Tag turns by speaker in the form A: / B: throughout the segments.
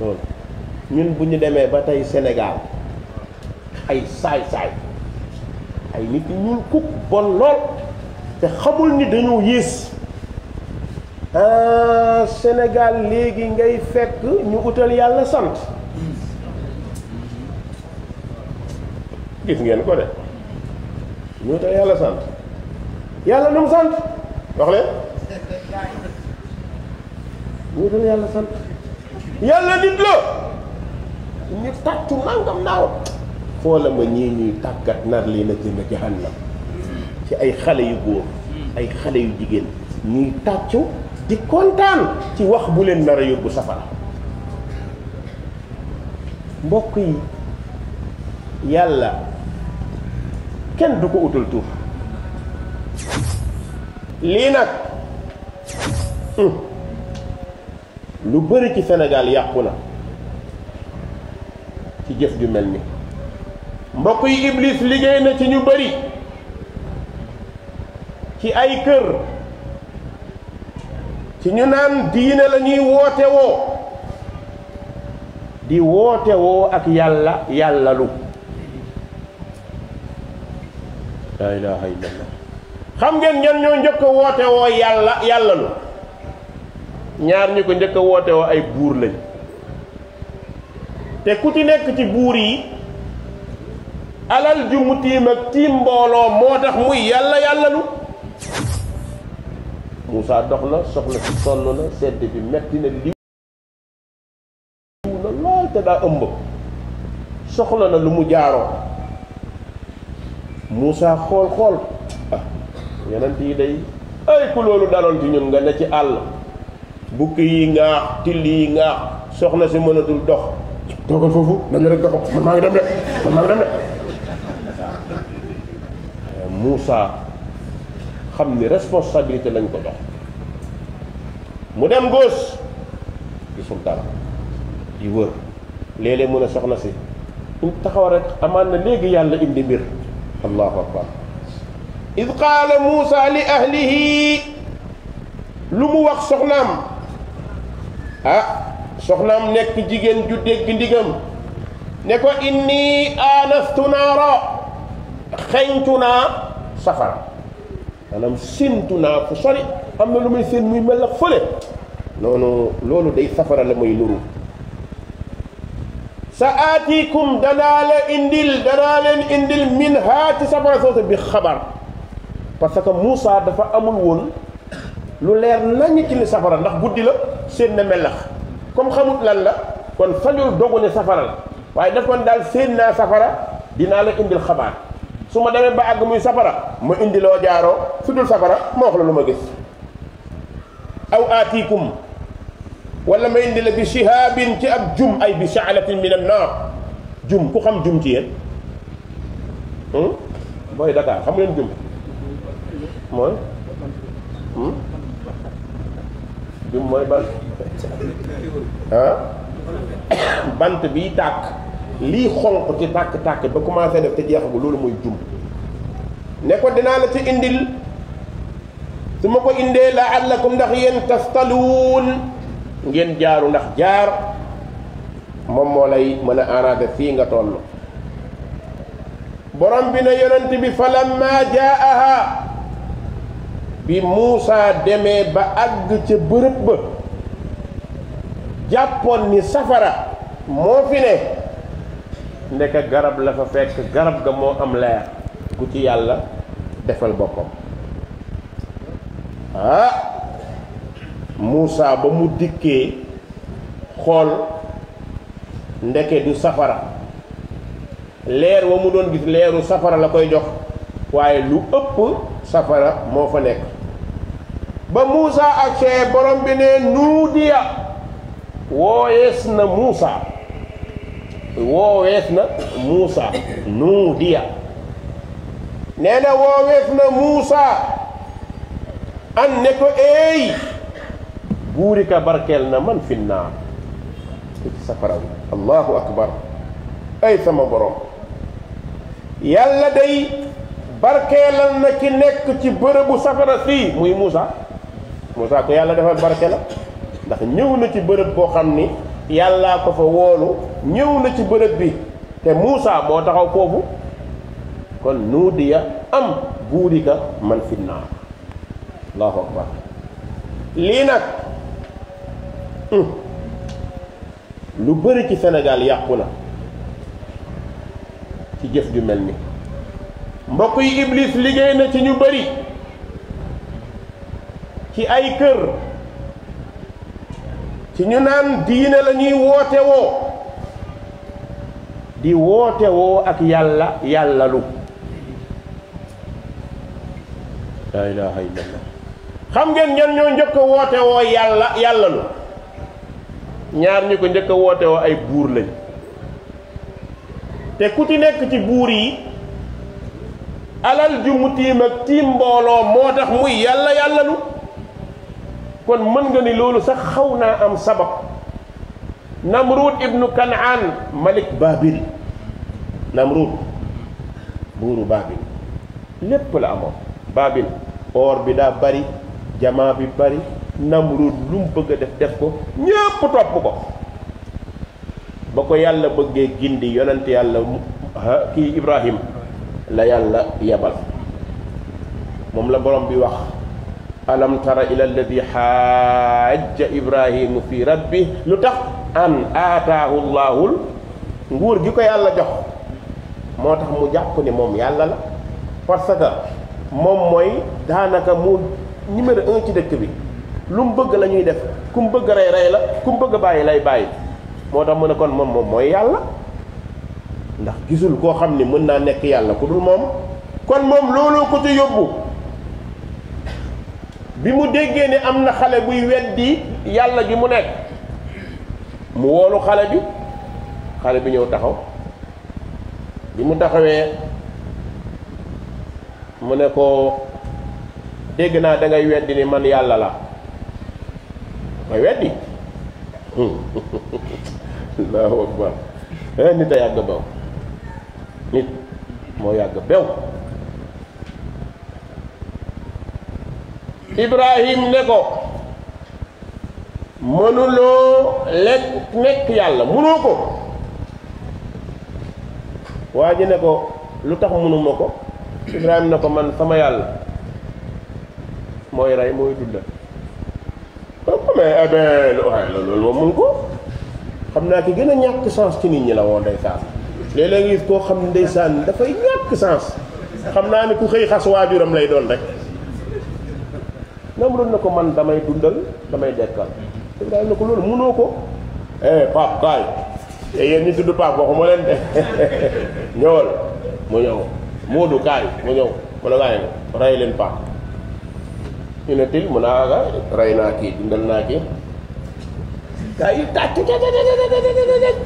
A: loolu ñun bu ñu demee ba tey senegaal ay saay-saay ay nit yi ñuul bon lool te xamul ni dañoo yées ah léegi ngay fekk ñu utal yàlla sant gis ngeen ko de ñu utal yàlla sant yàlla nu sant wax leen ñu utal yàlla sant. yàlla nit la ñu tàccu nangam naaw xoola ma ñii ñuy tàggat nar lii na jënd jahannam ci ay xale yu góor ay xale yu jigéen ñuy tàccu di kontaan ci wax bu leen nar a yóbbu safara mbokk yi yàlla kenn du ko utal tur lii nag lu bëri ci senegaal yàqu na ci jëf ju mel ni mbokk yi Iblis liggéey na ci ñu bëri ci ay kër ci ñu naan diine la ñuy woote woo di woote woo ak yàlla yàllalu lu la ilaha illallah xam ngeen ñan ñoo njëkk woote woo yàlla yàlla ñaar ñu ko njëkk a woote ay buur lañ te ku ci nekk ci buur yi alal ju mu tiim ak tiim mbooloo moo tax muy yàlla yàlla lu Moussa dox na soxla si sonn na sedd bi metti na liw na te daa ëmb soxla na lu mu jaaroo Moussa xool xool ah yeneen yi day ay ku loolu daloon ci ñun nga ne ci àll bukki yi ngaax till yi ngaax soxna si mënatul dox toogal foofu dañu rek doxo man maa ngi dem de euh, xam ni responsabilité lañ ko dox mu dem góos gisul dara di wër léeg-léeg mu soxna si um taxaw rek amaan na léegi yàlla indi mbir allahu akbar id qaala Moussa li ahlihi lu mu wax soxnaam ah soxnaam nekk jigéen ju dégg ndigam ne ko inni anastu naara xeñtu naa safara maanaam séntu naa fu sori am na lu muy seen muy mel la fële noonu loolu day safara la muy nuru sa aatikum danaa la indil danaa leen indil min haa ci safara soosu bi xabar parce que Moussa dafa amul woon lu leer nañu ci li safara ndax guddi la سين ملخ كم خمود لا لا كون فاجول دوغوني سفارا واي دا كون دال سيننا سفارا دينا لا اندي الخبار سوما دامي با اغ موي سفارا ما اندي لو جارو سودول سفارا ما وخ لا لوما غيس او اتيكم ولا ما اندي لبي شهاب تي اب جم اي بشعله من النار جم كو خم جم تي هم باي دكار خم لين جم موي bi mooy ban ah bant biy tàkk lii xonq ci tàkk-tàkk ba commencé def te jeexagul loolu mooy jum ne ko dinaa la ci indil su ma ko indee la allakum ndax yéen tastaluun ngeen jaaru ndax jaar moom moo lay mën a arrangé fii nga toll borom bi ne yonent bi falamma jaaha bi Muusaa demee ba àgg ca bërëb ba jàppoon ni safara moo fi ne ndeka garab la fa fekk garab ga moo am leer gu ci yàlla defal boppam ah Muusaa ba mu dikkee xool ndeke du safara leer wa mu doon gis leeru safara la koy jox waaye lu ëpp safara moo fa nekk ba Muusa accee borom bi ne nuudiya woowees na Muusa woowees na Muusa nuudiya nee na woowees na Muusa an ne ko eey guuri ka barkeel na man fi naar ci safara wi allahu akbar ay sama borom yàlla day barkeelal na ki nekk ci bërëbu safara sii muy Muusa Moussa ko yàlla defal barke la ndax ñëw na ci bërëb boo xam ni yàllaa ko fa woolu ñëw na ci bërëb bi te Moussa moo taxaw foofu kon nuudiya am buurika man fi naar allahu akbar lii nag lu bari ci Sénégal yàqu na ci jëf ju mel ni mbokk yi Iblis liggéey na ci ñu bëri ci ay kër ci ñu naan diine la ñuy woote di wootewoo ak yàlla yàllalu lu laa ilaha illallah xam ngeen ñan ñoo njëkk a yàlla yàlla lu ñaar ñu ko njëkk a woote ay buur lañ te ku ci nekk ci buur yi alal ju mu tiim ak tiim mbooloo moo tax muy yàlla yàlla kon mën nga ni loolu sax xaw naa am sabab namrud ibnu kanaan malik babil namrud buuru babil lépp la amoon babil or bi daa bari jamaa bi bari namrud lu mu bëgg def def ko ñépp topp ko ba ko yàlla bëggee di yonent yàlla kii ibrahim la yàlla yebal moom la borom bi wax alam tara ila alladi xaajja ibrahimu fi rabbi lu tax an aataahu llaahul nguur gi ko yàlla jox moo tax mu jàpp ni moom yàlla la parce moom mooy daanaka mu numéro un ci dëkk bi lu mu bëgg la ñuy def kum bëgg rey rey la ku bëgg bàyyi lay bàyyi moo tax mu ne kon moom moom mooy yàlla ndax gisul koo xam ni mën naa nekk yàlla ku dul moom kon moom looloo ko ci yóbbu bi mu déggee ne am na xale buy weddi yàlla ji mu nekk mu woolu xale bi xale bi ñëw taxaw bi mu taxawee mu ne ko dégg naa dangay ngay weddi ni man yàlla la ma weddi allahu akbar eh, nit a yàgg bew nit moo yàgg bew ibrahim ne ko mënuloo lekk nekk yàlla mënoo ko waa ji ne ko lu tax mënuma ko ibrahim ne ko man sama yàlla mooy rey mooy dunda mais eh bien loolu moom mun ko xam naa ki gën a ñàkk sens ci nit ñi la woo ndeysaan léeg-léeg nga koo xam ndeysaan dafay ñàkk sens xam naa ni ku xëy xas waajuram lay doon rek même loolu ne ko man damay dundal damay dekkal Ibrahima ne ko loolu mënoo ko eh Pape kaay te eh, yéen ñi tudd waxuma leen de ñëwal mu ñëw Moodu kaay mu ñëw mu ne ngaay rey leen Pape ñu ne til mun a ah, rey naa kii dundal naa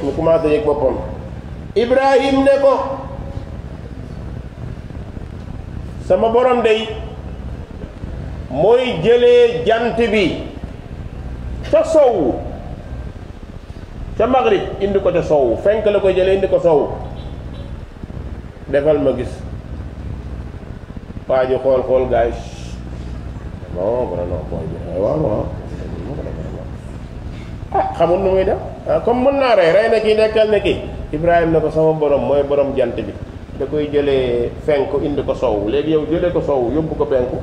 A: mu commencé yëg boppam Ibrahim ne ko sama borom day mooy jëlee jant bi ca sowu ca maghrib indi ko ca sowu fenk la koy jëlee indi ko sowu defal ma gis waa ji xool xool gaay bon vraiment ah, nu muy def ah, comme mën naa rey rey na ki nekkal ne kii Ibrahima ne ko sama borom mooy borom jant bi da koy jëlee fenk indi ko sowwu léegi yow jëlee ko sowu yóbbu ko penku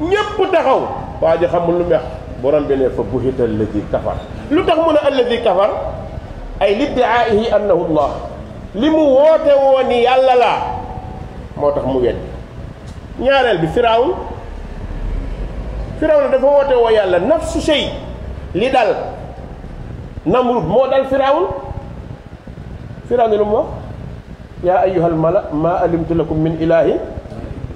A: ñëpp taxaw waa ji xamul lu mex borom bi ne fa buhita alladi kafar lu tax mu ne alladhi kafar ay liddiaihi annahu allah limu wote woni yàlla la motax mu wedd ñaarel bi firawn firawn dafa wote wo yàlla nafsu shay li dal namrud mo dal firawn firawn lu mu wax yaa ayyuhal mala ma alimtu lakum min ilahi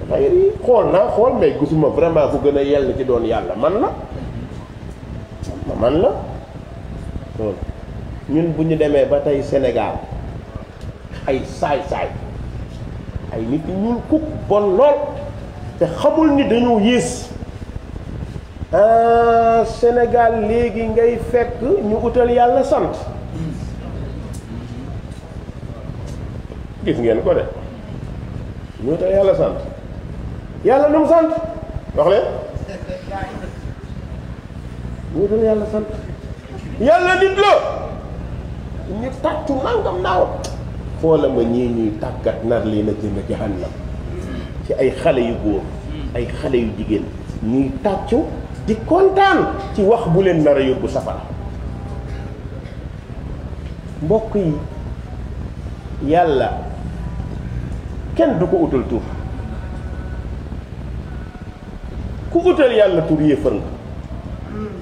A: xayr xool naa xool mais gisuma vraiment ku gën a yell ci doon yàlla man la man la loolu ñun bu ñu demee ba tey Sénégal ay saay-saay ay nit ñuul kuk bon lool te xamul ni dañoo yées ah, senegal léegi ngay fekk ñu utal yàlla sant gis ngeen ko de ñu utal yàlla sant yàlla lu mu sant wax leen ñu dul yàlla sant yàlla nit la ñu tàccu nangam naaw xoola ma ñii ñuy tàggat nar leen a jënd jahannam ci ay xale yu góor ay xale yu jigéen ñuy tàccu di ci wax bu leen nar a yóbbu safara mbokk yi yàlla kenn du ko utal tuuf ku utal yàlla tur yéefar nga hmm.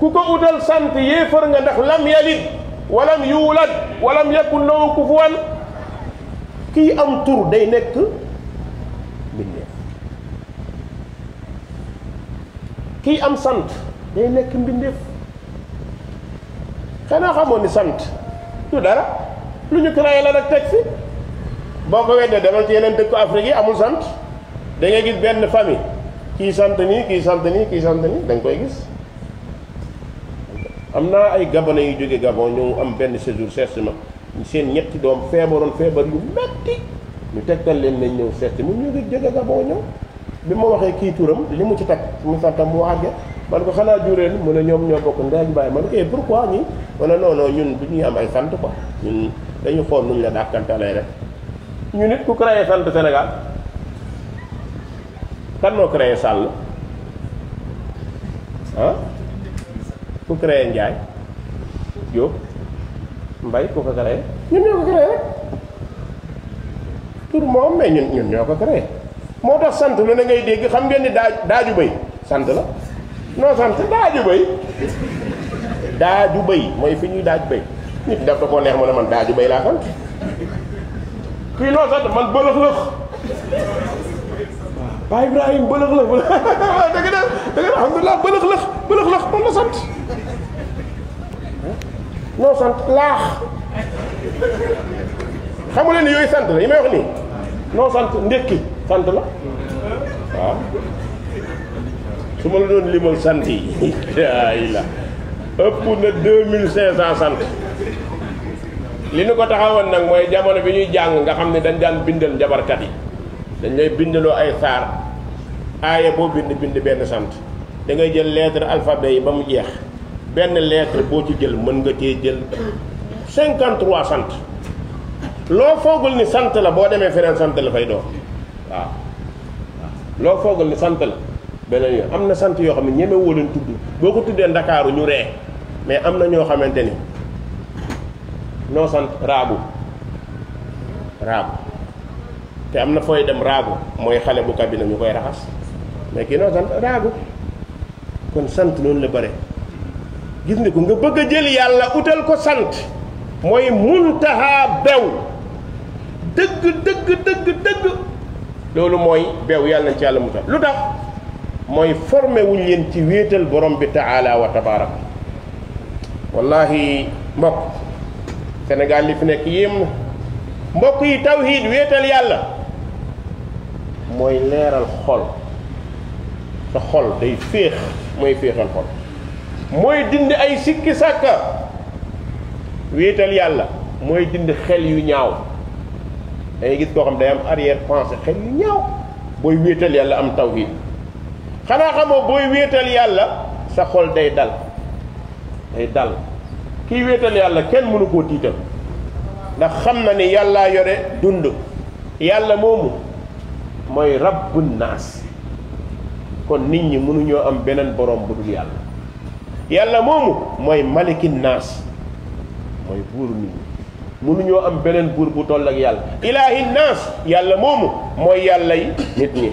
A: ku ko utal sant yéefar nga ndax lam yalid walam yuulad walam yakun lahu kufuwan kii am tur day nekk mbindeef kii am sant day nekk mbindeef xanaa xamoon ni sant du dara lu ñu créé la nag teg fi boo ko weddee demal ci yeneen dëkku Afrique yi amul sant da gis benn famille kii sant nii kii sant nii kii sant nii dañ nga koy gis am naa ay gabonais yu jóge Gabon ñëw am benn séjour seet ma seen ñetti doom feebaroon feebar yu metti ñu tegtal leen nañ ñëw seet mu ñu ngi jóge Gabon ñëw bi ma waxee kii turam li mu ci teg mu santam mu àgge man ko xalaat jureen mu ne ñoom ñoo bokk ndey baay man ko eh, pourquoi ñi ma ne non ñun du ñuy am ay sant quoi ñun dañu xool nuñ la dàkkantalee rek ñu nit ku créé sant Sénégal kan moo créé Sall ah ku créé Ndiaye Diop Mbaye ku ko créé ñun ñoo ko créé rek moom mais ñun ñun ñoo ko créé moo tax sant lu ne ngay dégg xam ngeen ni daa daaju bay sant la non sant daaju bay daaju bay mooy fi ñuy daaj bay nit daf da koo neex mu ne man daaju bay laa sant kii loo sant man bëlëx lëx Baay Ibrahim bëlëx la bëlëx da nga da nga alhamdulillah bëlëx lëx bëlëx lëx moom sant non sant laax xamu leen yooyu sant la yi may non sant niki, sant la waaw su ma la doon limal sant yi 2500 sant li ñu ko taxawoon nag mooy jamono bi ñuy jàng nga xam ne dañ dañ lay bindloo ay saar aaya boo bind bind benn sant da ngay jël lettre alphabet yi bam mu jeex benn lettre bo ci jël mën nga cee jël 53 sant Lo foogul ni sant la boo demee feneen sant la fay doo ni sant la beneen yoon am na sant yoo xam ne ñeme woo leen tudd boo ko tuddee ñu mais am na ñoo xamante sant rabu, rabu. te am na fooy dem raagu mooy xale bu cabine ñu koy raxas mais sant raagu kon noonu la bare gis ni ko nga bëgg a jël yàlla utal ko sant mooy muntaha bew dëgg dëgg dëgg dëgg loolu mooy beew yàlla nañ ci yàlla musal lu tax mooy formé wuñ leen ci wéetal borom bi taala wa tabarak wallahi mbokk Sénégal li fi nekk yéem na mbokk yi tawhid wéetal yàlla mooy leeral xol sa xol day féex mooy féexal xol mooy dindi ay sikki sàkka wéetal yàlla mooy dindi xel yu ñaaw dangay gis koo xam day am arrière pensée xel yu ñaaw booy wéetal yàlla am tawhid xanaa xamoo booy wéetal yàlla sa xol day dal day dal kiy wéetal yàlla kenn mënu koo tiital ndax xam na ni yàllaa yore dund yàlla moomu moy rabbun nas kon nit ñi mënu ñoo am benen borom bu dul yàlla yàlla momu moy malikin nas moy bur nit ñi ñoo am benen bur bu toll ak yàlla ilahin nas yàlla momu moy yàlla yi nit ñi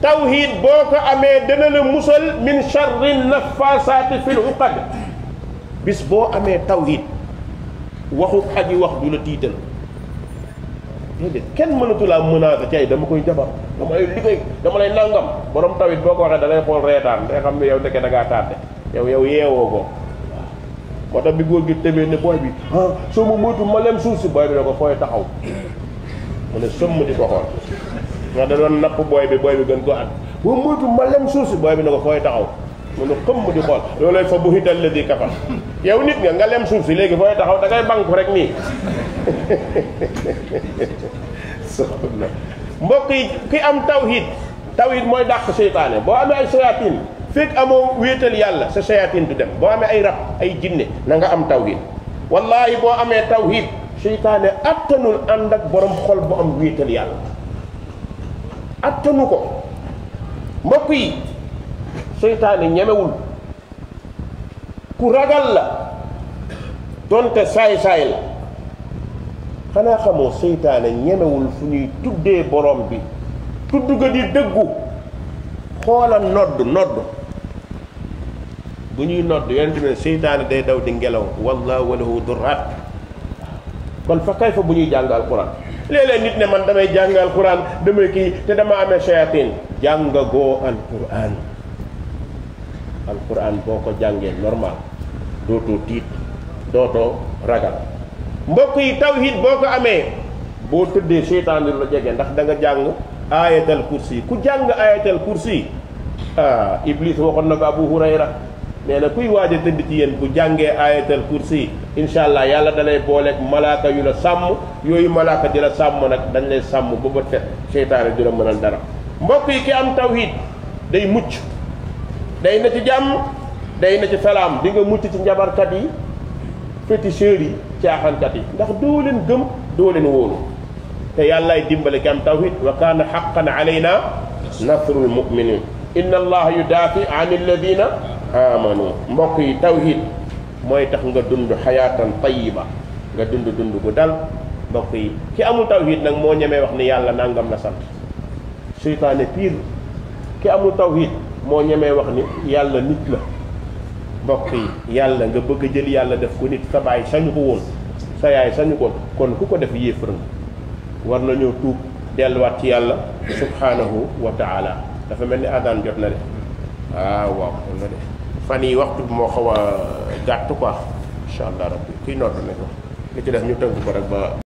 A: tawhid boko amé amee dana la musal min sharrin nafasat fil uqad bis bo amé tawhid waxu aji wax du la tiital déedéet kenn mënatu laa menacer cay dama koy jabar dama lay dama lay nangam borom tawit boo ko waxee da lay xool reetaan day xam yow da ngaa tardé yow yow yeewoo ko moo tax bi góor bi ah soo ma moytu si taxaw mu ne sëmm di ko xool nga da doon napp booy bi booy ko at boo ma lem suuf si booy bi na taxaw mu ne xëmm di xool yow nit nga nga lem suuf si léegi fooy taxaw da ngay rek nii mbokk yi ki am tawhid tawhid mooy dàq seytaane boo amee ay sayaatin fekk amoo wéetal yàlla sa sayaatin du dem boo amee ay rab ay jinne na nga am tawhid wallahi boo amee tawhid seytaane attanul ànd ak borom xol bu am wéetal yàlla attanu ko mbokk yi seytaane ñemewul ku ragal la donte saay-saay la xana xamoo seytaane neng fu ñuy tuddee borom bi tudd ga di dëggu xoola nodd nodd bu ñuy nodd yonent bi seytaane day daw di ngelaw wallahu walahu durrat kon fa kay fa bu ñuy jàng alquran léeg-léeg nit ne man damay jàng alquran damay kii te dama shayatin jàng goo alquran alquran boo ko jàngee normal dootoo tiit dootoo ragal mbokk yi tawhid boo ko amee boo tëddee seytaan la jege ndax da nga jàng ayatal kursi ku jàng ayatal kursi ah Iblis waxoon na ko Abu Hurayra nee na kuy waaj a tëdd ci yéen bu jàngee ayatal kursi incha allah yàlla dalay booleeg malaaka yu la sàmm yooyu malaaka di la sàmm nag dañ lay sàmm ba ba fet seytaane du la mënal dara mbokk yi ki am tawhid day mucc day na ci jàmm day na ci salaam di nga mucc ci njabarkat yi féticheurs yi caaxaankat yi ndax doo leen gëm doo leen te yàllaay dimbale ki am tawhid wa kaana xaqan alayna nasrul muminin inna allaha yudaafi an alladina amanu mbokk yi tawhid mooy tax nga dund xayaatan tayiba nga dund dund ku dal mbokk yi ki amul tawhid nag moo ñemee wax ni yàlla nangam la sant seytaane pire ki amul tawhid moo ñemee wax ni yàlla nit la mbokk yi yàlla nga bëgg a jël yàlla def ko nit sa baay sañu ko woon sa yaay sañu ko kon ku ko def yéefar nga war nañoo tuub delluwaat ci yàlla subhanahu wa taala dafa mel ni adaan jot na de ah, waaw waaw fan yi waxtu bi moo xaw gàtt quoi incha allah rabbi kii nodd nañ ko li ci def ñu tënk ko rek ba